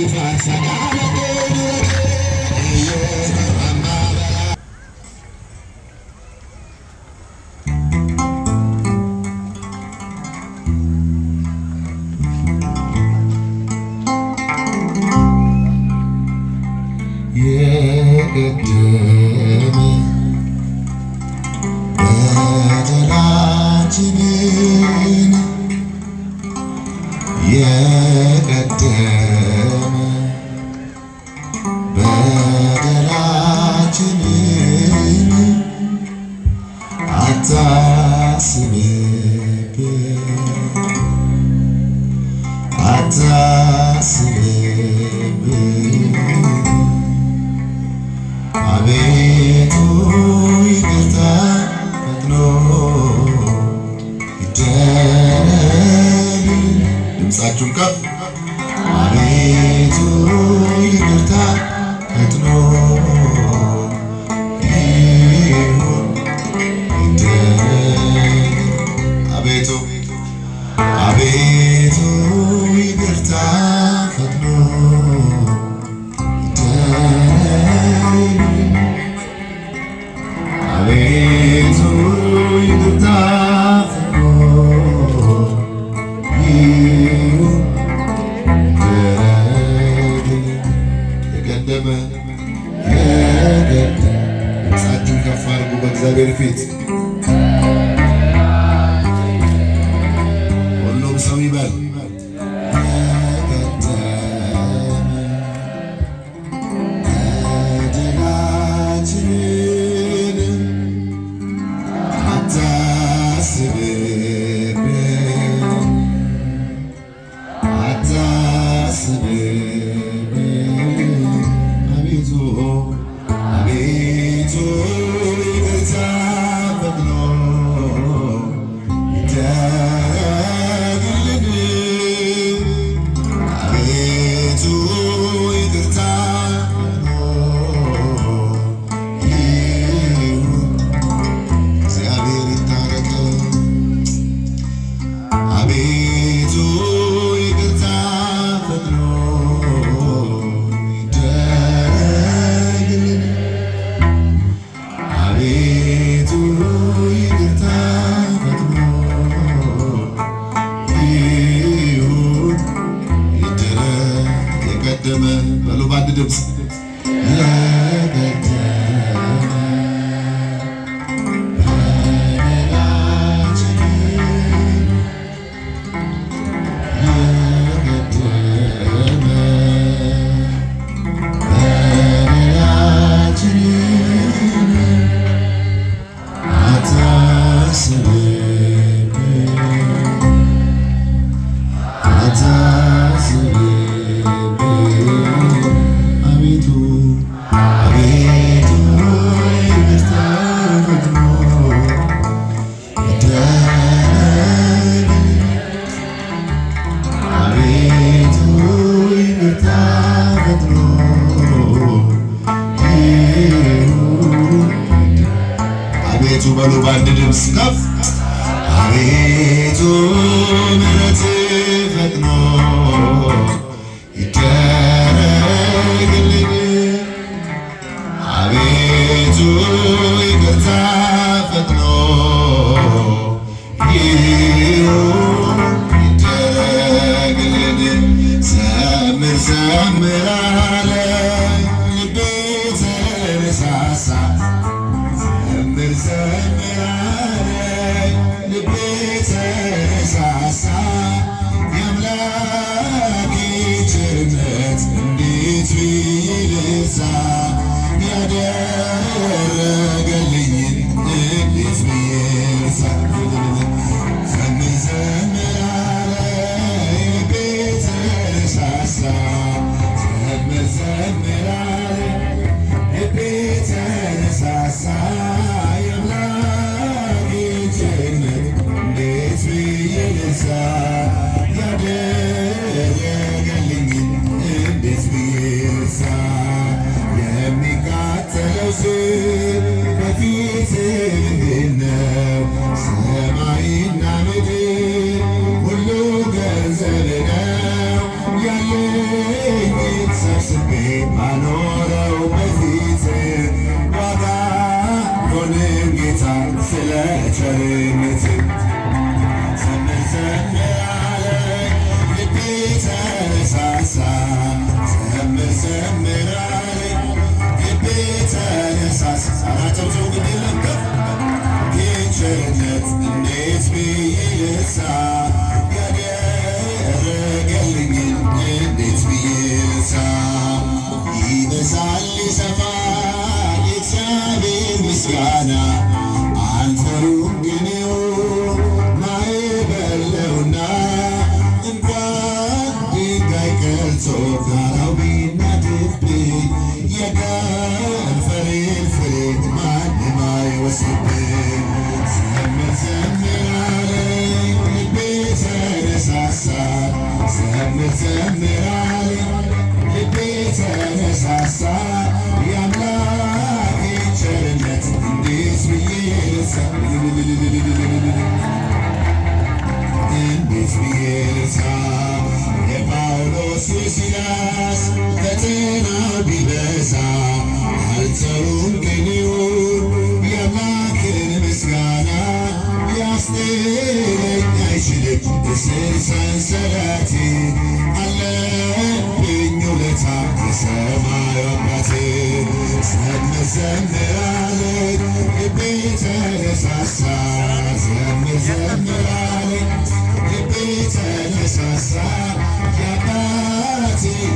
శివ సదా time.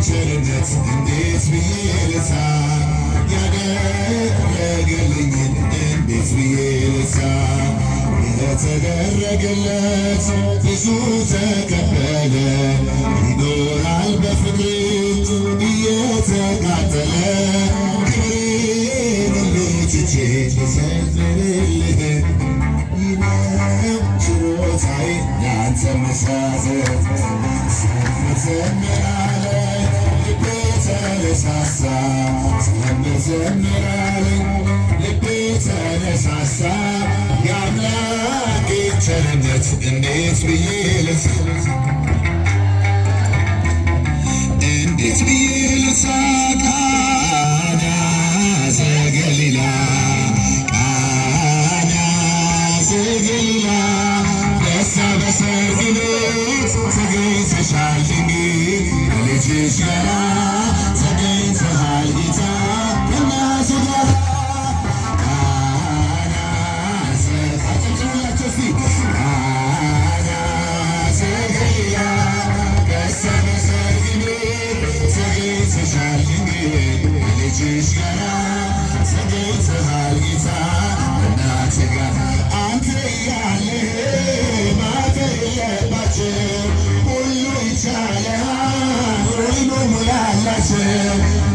ቸርነት እንዴት ብዬ ልሳ ያደረገልኝን እንዴት የተደረገለት ብዙ ተቀበለ ይኖራል በፍቅር እየተቃጠለ ችል ሰግድልህ ይነው ችሮታይ ያንተ መሳዘት ዘምራለኝ ልቤ ተነሳሳ ዘምር እንዴት ብዬ ልሳቃ ተገላ በሳ ከልጅሽ ጋራ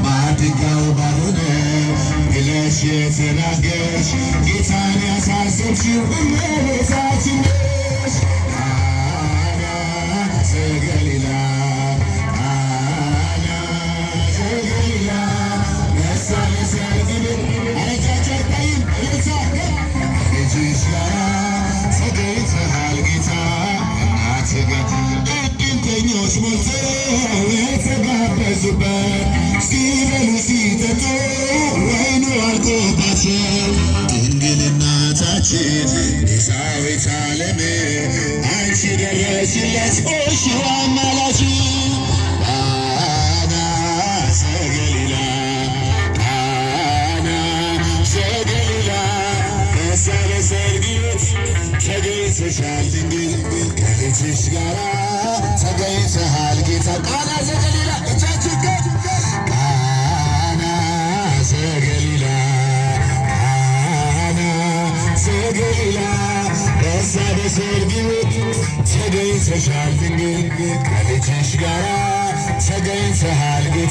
ማድጋው ባልሆነ ብለሽ የተናገርሽ ጌታን ያሳሰብሽው እመቤታችን merciless are.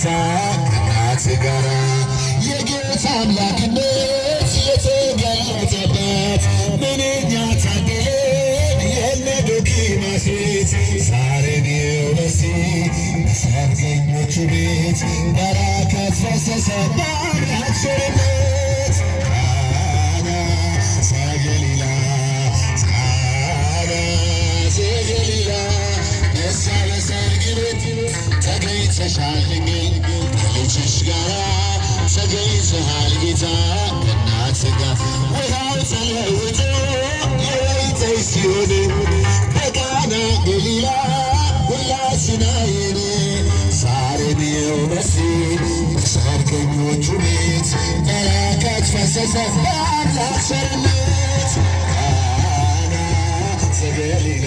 ከእናት ጋራ የጌታ አምላክነት የተገለጠበት ምንኛ ታደለን የእመዶክያስ ቤት ሳርን የውበሴ በሰርገኞቹ ቤት በረከት ፈሰሰ ባላቸርነት በፍቅርት ተገኝተሻል ከልጅሽ ጋራ ተገኝተሃል ጌታ ከእናት ጋር ውሃው ተለውጦ የወይተይ ሲሆን በቃና ገሊላ ሁላችን አየን ዛሬም ይኸው መሲህ በሰርገኞቹ ቤት በረከት ፈሰሰ በአምላክ ቸርነት ቃና ዘገሊላ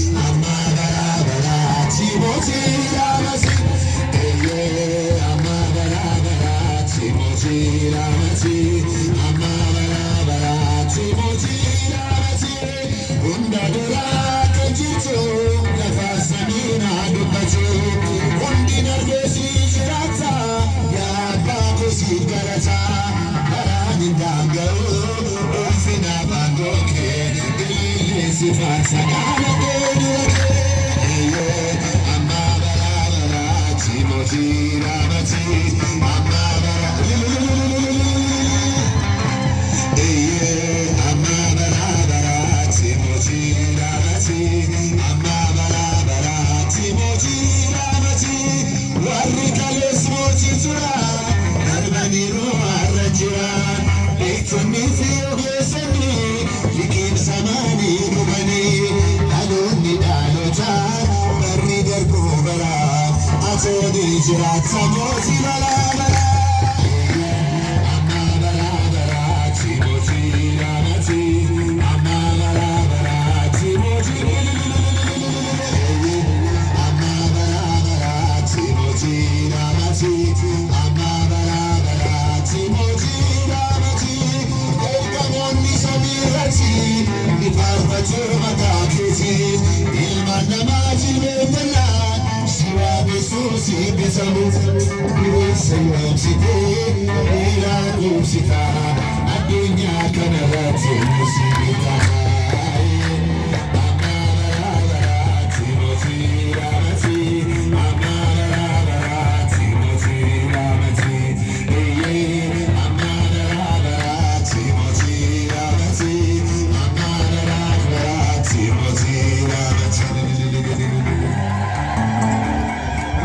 ሙሲታ አዱኛ ከነረት ሙሲታ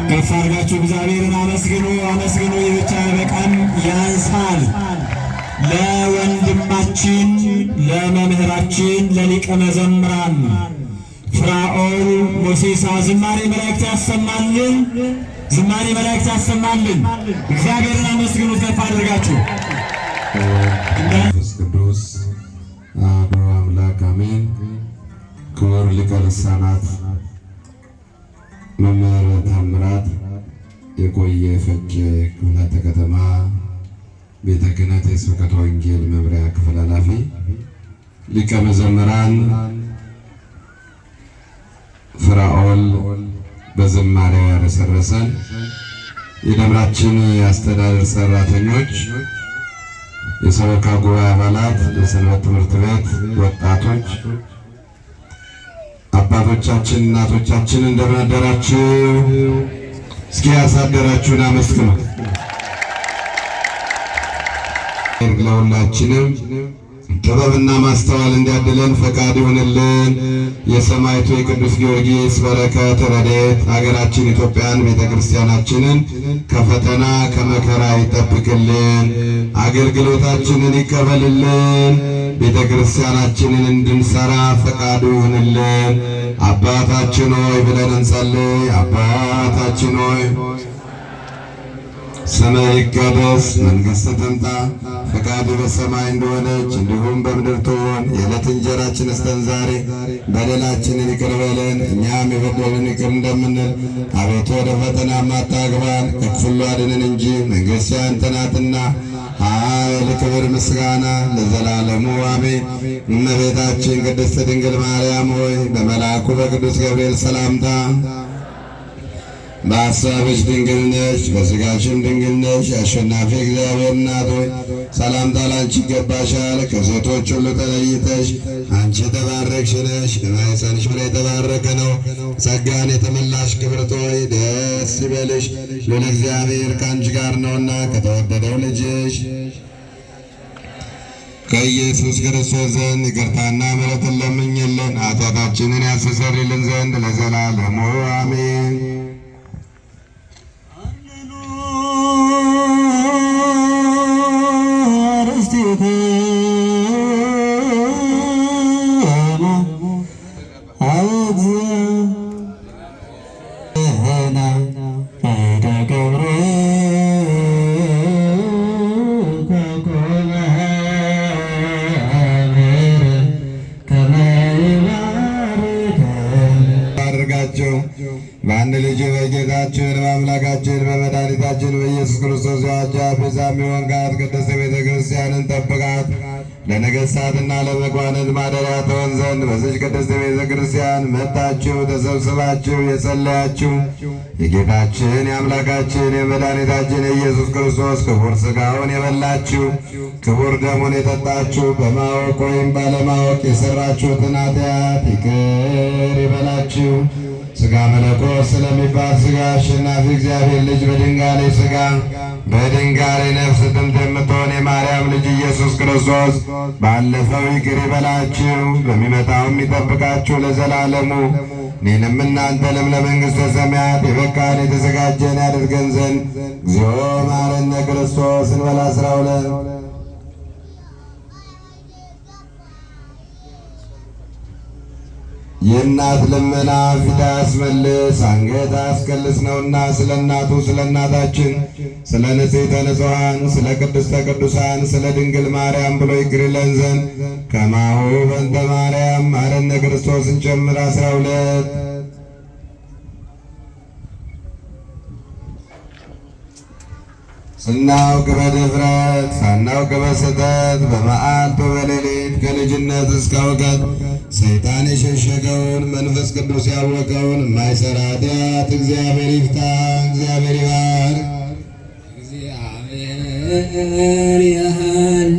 ከፍ አድርጋችሁ እግዚአብሔርን አመስግኑ አመስግኑ። ይህ ብቻ በቃም ያንሳል። ለወንድማችን ለመምህራችን ለሊቀ መዘምራን ፍራኦል ሞሴሳ ዝማሬ መላእክት ያሰማልን። ዝማሬ መላእክት ያሰማልን። እግዚአብሔርን አመስግኑ ከፍ አድርጋችሁ። መንፈስ ቅዱስ አሐዱ አምላክ አሜን። ክቡር ሊቀ ልሳናት መምህር ታምራት የቆየ ፈጬ ክፍላተ ከተማ ቤተ ክህነት የስብከተ ወንጌል መምሪያ ክፍል ኃላፊ ሊቀ መዘምራን ፍራኦል በዝማሬ ያረሰረሰን የደብራችን የአስተዳደር ሰራተኞች፣ የሰበካ ጉባኤ አባላት፣ የሰንበት ትምህርት ቤት ወጣቶች፣ አባቶቻችን፣ እናቶቻችን እንደምን አደራችሁ? እስኪ ያሳደራችሁን አመስግኑ። ለሁላችንም ጥበብና ማስተዋል እንዲያድለን ፈቃድ ይሆንልን። የሰማዕቱ የቅዱስ ጊዮርጊስ በረከት ረድኤት ሀገራችን ኢትዮጵያን ቤተ ክርስቲያናችንን ከፈተና ከመከራ ይጠብቅልን። አገልግሎታችንን ይቀበልልን። ቤተ ክርስቲያናችንን እንድንሰራ ፈቃዱ ይሆንልን። አባታችን ሆይ ብለን እንጸልይ። አባታችን ሆይ ሰማይ ይቀደስ፣ መንግሥትህ ትምጣ፣ ፈቃድ በሰማይ እንደሆነች እንዲሁም በምድር ትሁን። የዕለት እንጀራችንን ስጠን ዛሬ፣ በደላችንን ይቅር በለን እኛም የበደሉንን ይቅር እንደምንል፣ አቤቱ ወደ ፈተና አታግባን፣ ከክፉ አድነን እንጂ መንግሥት ያንተ ናትና ኃይል፣ ክብር፣ ምስጋና ለዘላለሙ አሜን። እመቤታችን ቅድስት ድንግል ማርያም ሆይ በመልአኩ በቅዱስ ገብርኤል ሰላምታ በሀሳብሽ ድንግል ነሽ፣ በሥጋሽም ድንግል ነሽ። አሸናፊ እግዚአብሔር እናት ሆይ ሰላምታ ላንቺ ይገባሻል። ከሴቶች ሁሉ ተለይተሽ አንቺ የተባረክሽ ነሽ፣ በማኅፀንሽ ፍሬ የተባረከ ነው። ጸጋን የተመላሽ ክብርት ሆይ ደስ ይበልሽ፣ ሉል እግዚአብሔር ከአንቺ ጋር ነውና ከተወደደው ልጅሽ ከኢየሱስ ክርስቶስ ዘንድ ይቅርታና ምሕረትን ለምኝልን ኃጢአታችንን ያስተሰርይልን ዘንድ ለዘላለሙ አሜን። አዟጃ ቤዛ ሚሆንጋት ቅድስት ቤተ ክርስቲያንን ጠብቃት ለነገሥታትና ለመኳንንት ማደሪያ ትሆን ዘንድ በዚች ቅድስት ቤተ ክርስቲያን መጥታችሁ ተሰብስባችሁ የጸለያችሁ የጌታችን የአምላካችን የመድኃኒታችን የኢየሱስ ክርስቶስ ክቡር ሥጋውን የበላችሁ ክቡር ደሙን የጠጣችሁ በማወቅ ወይም ባለማወቅ የሠራችሁትን ኃጢአት ይቅር ይበላችሁ ስጋ መለኮት ስለሚባል ስጋ አሸናፊ እግዚአብሔር ልጅ በድንጋሌ ስጋ በድንጋሌ ነፍስ ጥንት የምትሆን የማርያም ልጅ ኢየሱስ ክርስቶስ ባለፈው ይቅር ይበላችሁ በሚመጣውም ይጠብቃችሁ ለዘላለሙ እኔንም እናንተንም ለመንግሥተ ሰማያት የበቃን የተዘጋጀን ያደርገን ዘንድ እግዚኦ መሐረነ ክርስቶስ እንበል አስራ ሁለት የእናት ልመና ፊት አስመልስ አንገት አያስቀልስ ነውና ስለ እናቱ ስለ እናታችን ስለ ንጽሕተ ንጹሐን ስለ ቅድስተ ቅዱሳን ስለ ድንግል ማርያም ብሎ ይግርለን ዘንድ ከማሁ በእንተ ማርያም ማረነ ክርስቶስን ጨምር አስራ ሁለት ስናውቅ በድፍረት ሳናውቅ በስተት በመዓልቱ በሌሊት ሌሊት ከልጅነት እስከ እውቀት ሰይጣን የሸሸገውን መንፈስ ቅዱስ ያወቀውን ማይሰራ ኃጢአት እግዚአብሔር ይፍታ። እግዚአብሔር ይባር እግዚአብሔር ያህሉ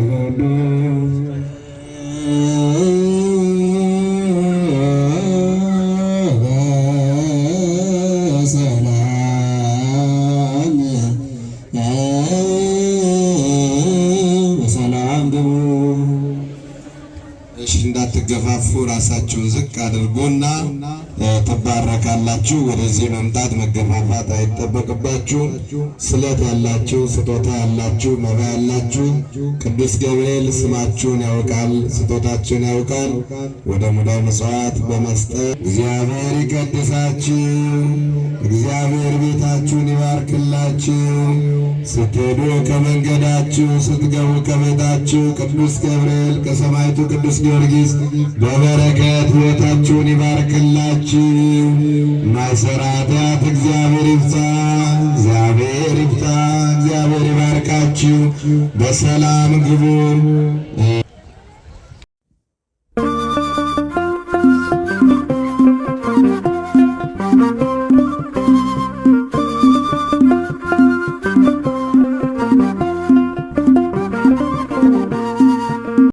Lord. አድርጋችሁ ወደዚህ መምጣት መገፋፋት አይጠበቅባችሁ ስለት ያላችሁ፣ ስጦታ ያላችሁ፣ መባ ያላችሁ ቅዱስ ገብርኤል ስማችሁን ያውቃል፣ ስጦታችሁን ያውቃል። ወደ ሙዳይ መስዋዕት በመስጠት እግዚአብሔር ይቀድሳችሁ፣ እግዚአብሔር ቤታችሁን ይባርክላችሁ። ስትሄዱ ከመንገዳችሁ ስትገቡ ከቤታችሁ ቅዱስ ገብርኤል ከሰማይቱ ቅዱስ ጊዮርጊስ በበረከት ሕይወታችሁን ይባርክላችሁ። ማሰራታት እግዚአብሔር ይፍታ፣ እግዚአብሔር ይፍታ፣ እግዚአብሔር ይባርካችሁ። በሰላም ግቡ።